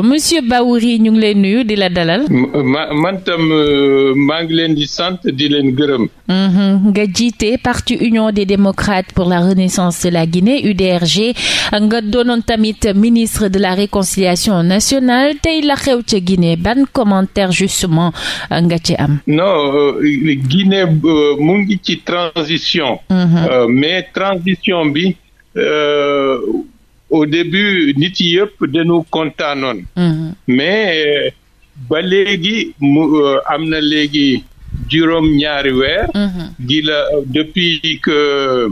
Monsieur Baouri ñu ngi lay nuyu di la dalal. ma man euh, maa ngi leen di sant di leen gërëm. Mm-hmm. nga jiite parti Union des démocrates pour la renaissance de la Guinée UDRG nga doonoon tamit ministre de la réconciliation nationale tey la xew ca Guinée ban commentaire justement euh, nga ci am. non euh, Guinée mu ci transition. Mm-hmm. mais transition bi. au début nit yëpp dañu kontaanoon. Mm-hmm. mais euh, ba léegi mu euh, am na léegi juróom ñaari weer. di mm-hmm. la depuis que.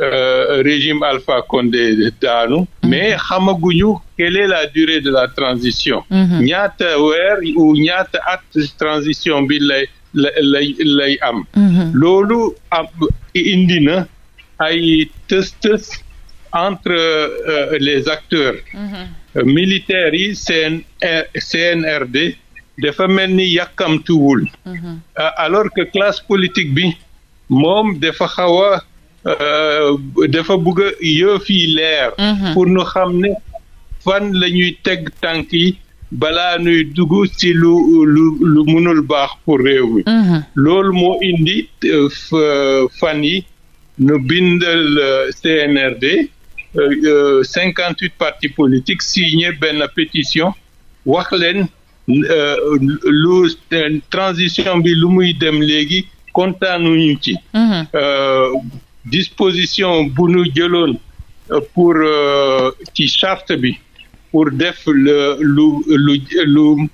Euh, régime Alpha Condé daanu mm -hmm. mais xamaguñu quelle est la durée de la transition mm-hmm. ñaata weer ou ñaata at transition bi lay lay am loolu am ay tës entre euh, les acteurs mm yi CN euh, CNRD dafa mel ni yàkkamtuwul mhm. alors que classe politique bi moom dafa xaw a dafa bëgg a yëf yi leer mhm. pour ñu xam ne fan la ñuy teg tànk yi balaa nuy dugg ci lu lu mënul baax pour réew mi mhm. loolu moo indi fan yi nu bindal CNRD Euh, euh, cinquante huit partis politiques signé benn pétition wax leen euh, lu transition bi lu muy dem léegi kontaanuñu ci. Mhm. disposition bu nu jëloon pour ci charte bi pour def le lu lu lu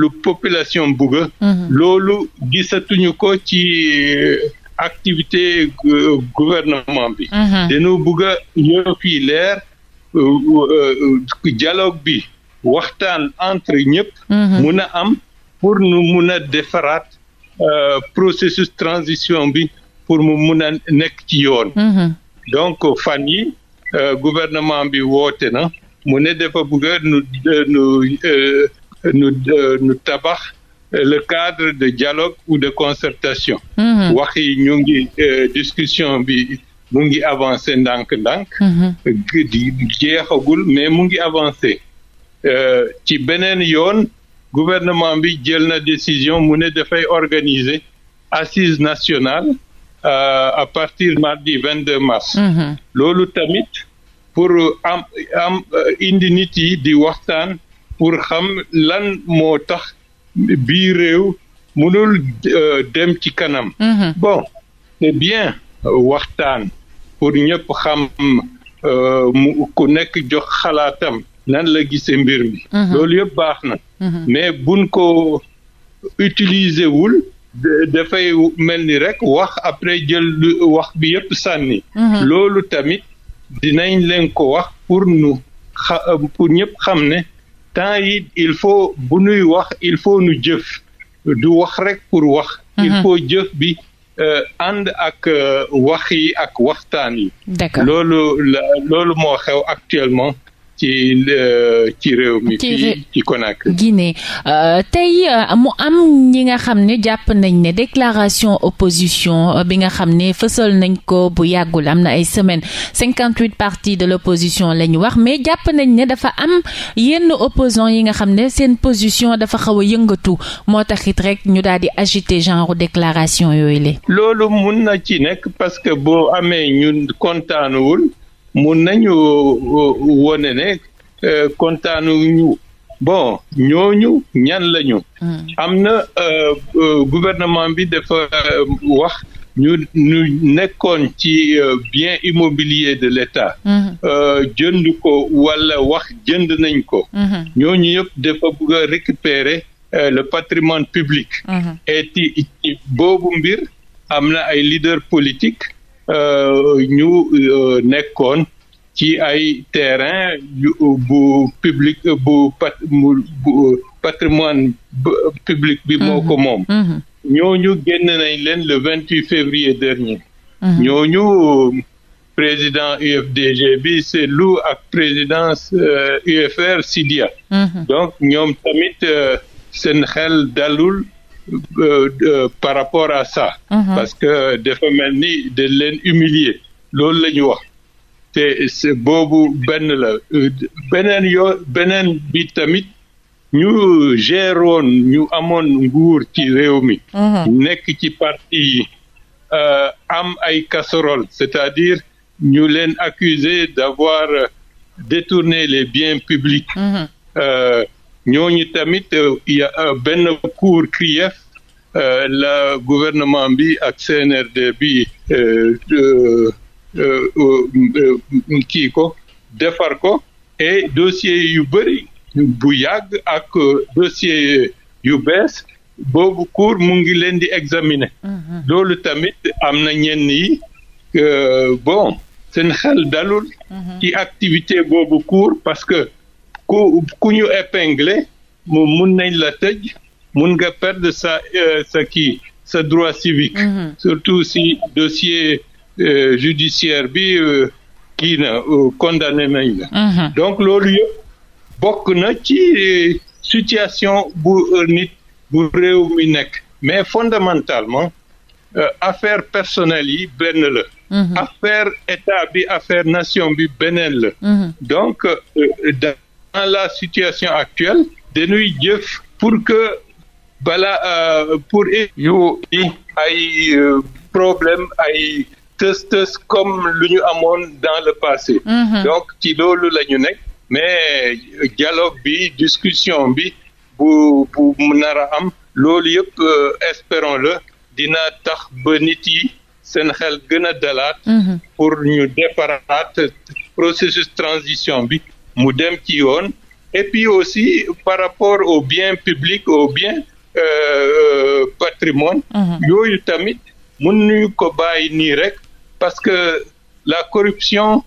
lu population bugga mhm. loolu gisatuñu ko ci. activité gouvernement bi. Mhm. dañoo bëgg a ñëw fii leer euh, euh, dialogue bi waxtaan entre ñëpp. Mhm. mun a am pour nu mun a defaraat euh, processus transition bi pour mu mun a nekk ci yoon. Mhm. donc fan yi gouvernement bi woote na mu ne defa bëgg nu nu tabax. le cadre de dialogue ou de concertation. Mhm. wax yi ñu ngi euh, discussion bi mu ngi avancé ndànk-ndànk. Mhm. jeexagul mais mu ngi avancé euh, ci beneen yoon gouvernement bi jël na décision mu ne dafay organiser assise nationale euh, à partir mardi 22 mars. Mhm. loolu tamit pour am indi nit yi di waxtaan pour xam lan moo tax. bii réew mënul euh, dem ci kanam. Mhm. bon c'est bien euh, waxtaan pour ñëpp xam euh, mu ku nekk jox xalaatam nan la gisee mbir mi. Mhm. loolu yëpp baax na. Mhm. mais buñ ko utiliser wul. dafay mel ni rek wax après jël wax bi yëpp sànni. loolu tamit dinañ leen ko wax pour nu xa pour ñëpp xam ne. temps yi il faut bu nuy wax il faut nu jëf du wax rek pour wax. Mhm. il faut jëf bi euh, ànd ak euh, wax yi ak waxtaan yi. loolu la moo xew actuellement. ci euh, ci réew mi. fii ci Conakry. Guinée euh, tey euh, mu am ñi nga xam ne jàpp nañ ne déclaration opposition bi nga xam ne fësal nañ ko bu yàggul am na ay semaines cinquante huit partis de l' opposition la ñu wax mais jàpp nañ ne dafa am yenn opposants yi nga xam ne seen position dafa xaw a yëngatu moo taxit rek ñu daal di agiter genre déclaration yooyu la. loolu mun na ci nekk parce boo amee ñun kontaanul. mun nañu uh, uh, wone ne uh, kontaanuñu bon ñooñu ñan lañu. Hmm. am na gouvernement bi dafa wax ñu nekkoon ci bien immobilier de l'État. Hmm. jënd ko walla wax jënd nañ ko. Hmm. ñooñu yëpp dafa bëgg récupérer le patrimoine public. et ci boobu mbir am na ay leader politique. Euh, ñu euh, nekkoon ci ay terrain bu public euh, bu pat patrimoine public bi moo ko mhm. moom mhm. génn leen le vingt huit février dernier mhm. ñooñu président UFDG bi Cellou ak présidence UFR Sidya donc ñoom tamit seen xel dalul Euh, par rapport à ça. Mhm. parce que dafa mel ni dañ leen humilier loolu la ñu wax te boobu benn la euh, beneen yoo beneen bi tamit ñu géroon ñu amoon nguur ci réew mi. Mhm. nekk ci parti yi euh, am ay casserole c'est-à-dire ñu leen accuser d'avoir détourné les biens publics. Mhm. ñooñu tamit euh, benn cour CRIEF euh, la gouvernement bi ak CNRD bi euh, kii ko defar ko et dossier yu bëri bu yàgg ak dossier yu bees boobu cour mu ngi leen di examiner mm-hmm. tamit am na ñenn yi bon seen xel dalul mm-hmm. ci activité boobu cour parce que ku ku ñu épinglé mu mun nañ la tëj mun nga perdre sa euh, sa kii sa droit civique. Mhm. surtout si dossier euh, judiciaire bi euh, kii na condamné nañ la. Mhm. donc loolu yëpp bokk na ci situation bu nit bu réew mi nekk mais fondamentalement affaire personnelle yi benn mhm. affaire état affaire nation bi beneen la. donc dans la situation actuelle dañuy jëf pour que bala euh, pour yu ay euh, problème ay tës tës comme lu ñu amoon dans le passé mhm. donc ci loolu la ñu nekk mais dialogue bi discussion bi bu bu nar a am loolu yëpp euh, espérons-le dina tax ba nit yi seen xel gën a dalaat mhm. pour processus transition bi mu dem ci yoon et puis aussi par rapport au bien public au bien euh, euh patrimoine mhm. yooyu tamit mënuñu ko bàyyi nii rek parce que la corruption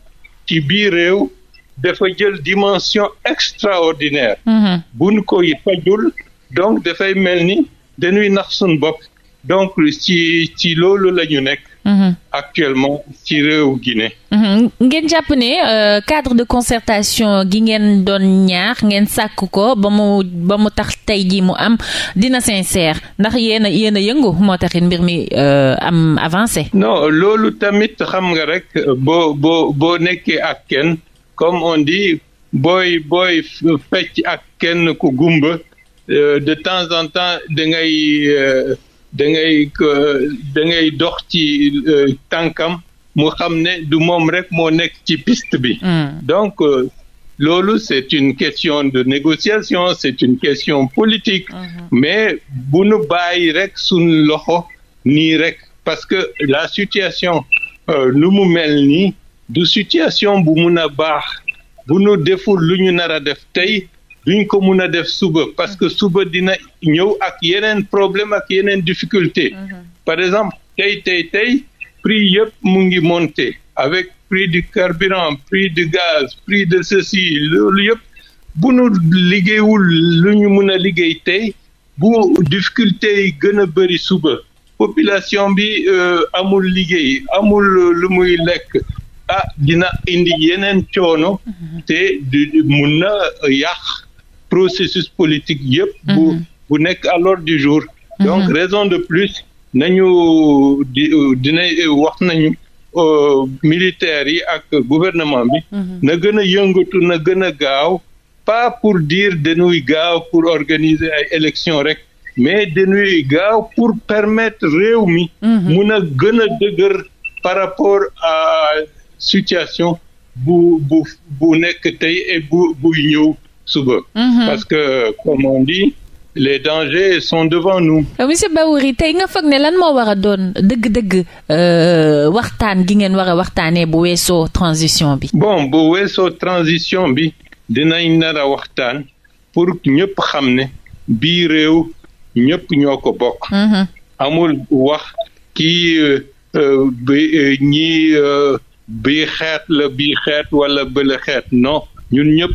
ci biir réew dafa jël dimension extraordinaire mhm. buñ koy fajul donc dafay mel ni dañuy nax suñu bokk donc ci ci loolu la ñu nekk Mm-hmm. actuellement ci réew Guinée. Mm-hmm. ngeen jàpp ne euh, cadre de concertation gi ngeen doon ñaax ngeen sàkk ko ba mu ba mu tax tey jii mu am dina sincère ndax yéen a yéen a yëngu moo taxit mbir mi euh, am avancé. non loolu tamit xam nga rek boo boo boo nekkee ak kenn comme on dit booy booy fecc ak kenn ku gumba euh, de temps en temps da ngay. da ngay euh, da ngay dox ci euh, tànkam mu xam ne du moom rek moo nekk ci piste bi. Mm. donc euh, loolu c'est une question de négociation c'est une question politique. Mm-hmm. mais bu nu bàyyi rek suñu loxo nii rek parce que la situation lu mu mel nii du situation bu mun a baax bu nu deful lu ñu nar a def tey. lu duñ ko mun a def suba parce que suba dina ñëw ak yeneen problème ak yeneen difficulté mhm. par exemple tey tey tey prix yëpp mu ngi monté avec prix du carburant prix du gaz prix de ceci loolu yëpp bu nu liggéeyul lu ñu mun a liggéey tey bu difficulté yi gën a bëri suba population bi euh, amul liggéey amul lu muy lekk ah dina indi yeneen coono mhm. te mun na yàq processus politique yëpp. bu mhm. bu nekk alors l'ordre du jour. Mhm. donc raison de plus nañu di dina wax nañu euh, militaires yi ak gouvernement bi. Mhm. na gën a yëngatu na gën a gaaw pas pour dire dañuy gaaw pour organiser ay élections rek. mais dañuy gaaw pour permettre réew mi. mun a gën a dëgër par rapport à situation bu bu bu nekk tey et bu buy suba. Mhm. parce que comme on dit les dangers sont devant nous. Eh, monsieur Bahouri tey nga foog ne lan moo wax a doon dëgg-dëgg euh, waxtaan gi ngeen war a waxtaanee bu weesoo transition bi. bon bu weesoo transition bi dinañ nar a waxtaan pour ñëpp xam ne bii réew ñëpp ñoo ko bokk. Mhm. amul wax kii euh, euh, bi ñii bii xeet wala bële xeet non ñun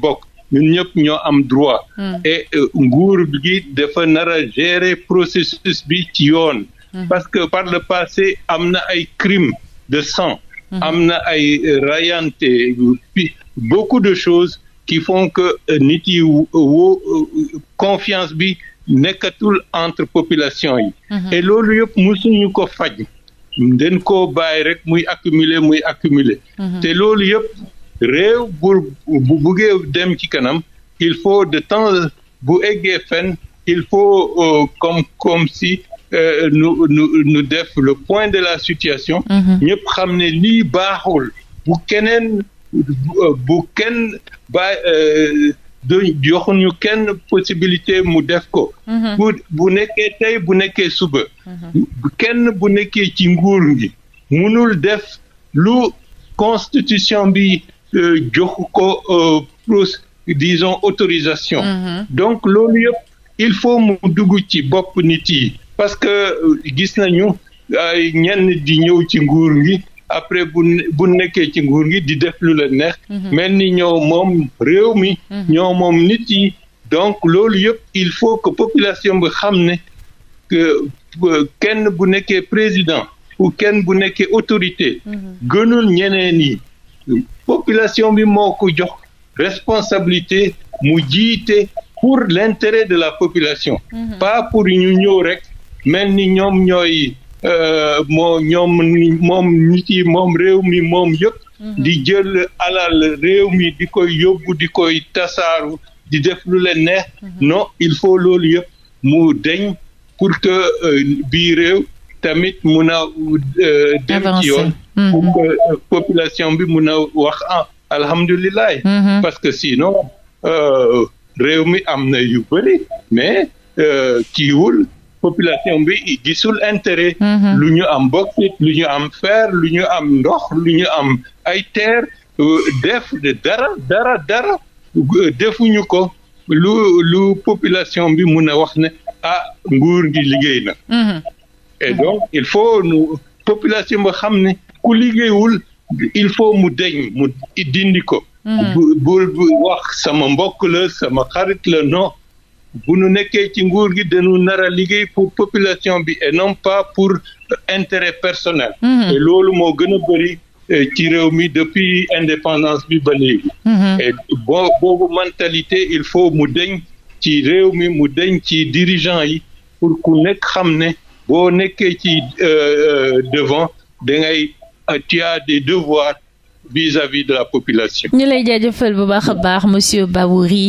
bokk. ñun ñëpp ñoo am droit. Hmm. et euh, nguur gi dafa nar a gérer processus bi ci yoon. Hmm. parce que par le passé am na ay crimes de sang. Hmm. am na ay rayanté beaucoup de choses qui font que euh, nit yi euh, confiance bi nekkatul entre population yi. et loolu yëpp musuñu ko faj. den ko bàyyi rek muy accumuler muy accumuler. te loolu yëpp. réew bu bu buggee dem ci kanam il faut de temps bu eggee fen il faut euh, comme comme si nu nu nu def le point de la situation. Mhm. ñëpp xam ne lii baaxul bu keneen bu kenn ba euh, du joxuñu kenn possibilité mu def ko. Mhm. bu bu nekkee tey bu nekkee suba. Mhm. kenn bu nekkee ci nguur gi munul def lu constitution bi. Euh, jox ko euh, disons autorisation. Mm-hmm. donc loolu yëpp il faut mu dugg ci bopp nit yi. parce que euh, gis nañu ay ñenn di ñëw ci nguur gi après bu bu nekkee ci nguur gi di def lu la neex. Mm-hmm. mel ni ñoo moom réew mi. Mm-hmm. ñoo moom nit yi. donc loolu yëpp il faut que population bi xam ne que kenn bu nekkee président ou kenn bu nekkee autorité. gënul ñeneen yi. population bi moo ko jox responsabilité mu jiite pour l'intérêt de la population. Mm-hmm. pas pour ñu ñëw rek mel ni ñoom ñooy euh, moo ñoom moom moom réew mi moom yëpp. Mhm. di jël alal réew mi di koy yóbbu di koy tasaaru di def lu leen neex. Mhm. non il faut loolu yëpp mu deñ pour que euh, bii réew. tamit mun a euh, dem ci yoon mm-hmm. euh, population bi mun a wax ah alhamdulilah mm-hmm. parce que sinon euh, réew mi am na yu bëri mais kiiwul population bi gisul intérêt mm-hmm. lu ñu am bauxite lu ñu am fer lu ñu am ndox lu ñu am ay terre def dara dara dara defuñu ko lu lu population bi mun a wax ne ah nguur gi liggéey na et il faut nu population ba xam ne ku liggéeyul il faut mu deñ mu dindi ko. Hmm. bu bu wax sama mbokk la sama xarit la non. bu nu nekkee ci nguur gi dañu nara liggéey pour population bi et non pas pour intéret personnel. Hmm. et loolu moo gën a bëri eh, ci réew mi depuis indépendance bi ba léegi. Hmm. et boo boobu mentalité il faut mu deñ ci réew mi mu deñ ci dirigeant yi pour ku nekk xam ne. boo nekkee ci euh, euh, devant da ngay euh, tu as des devoirs vis-à-vis de la population. ñu lay jaajëfal bu baax a baax monsieur Baboury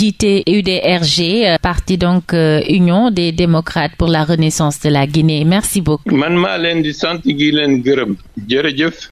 jiite UDRG parti donc Union des démocrates pour la renaissance de la Guinée merci beaucoup. man maa leen di sant gi leen gërëm jërëjëf.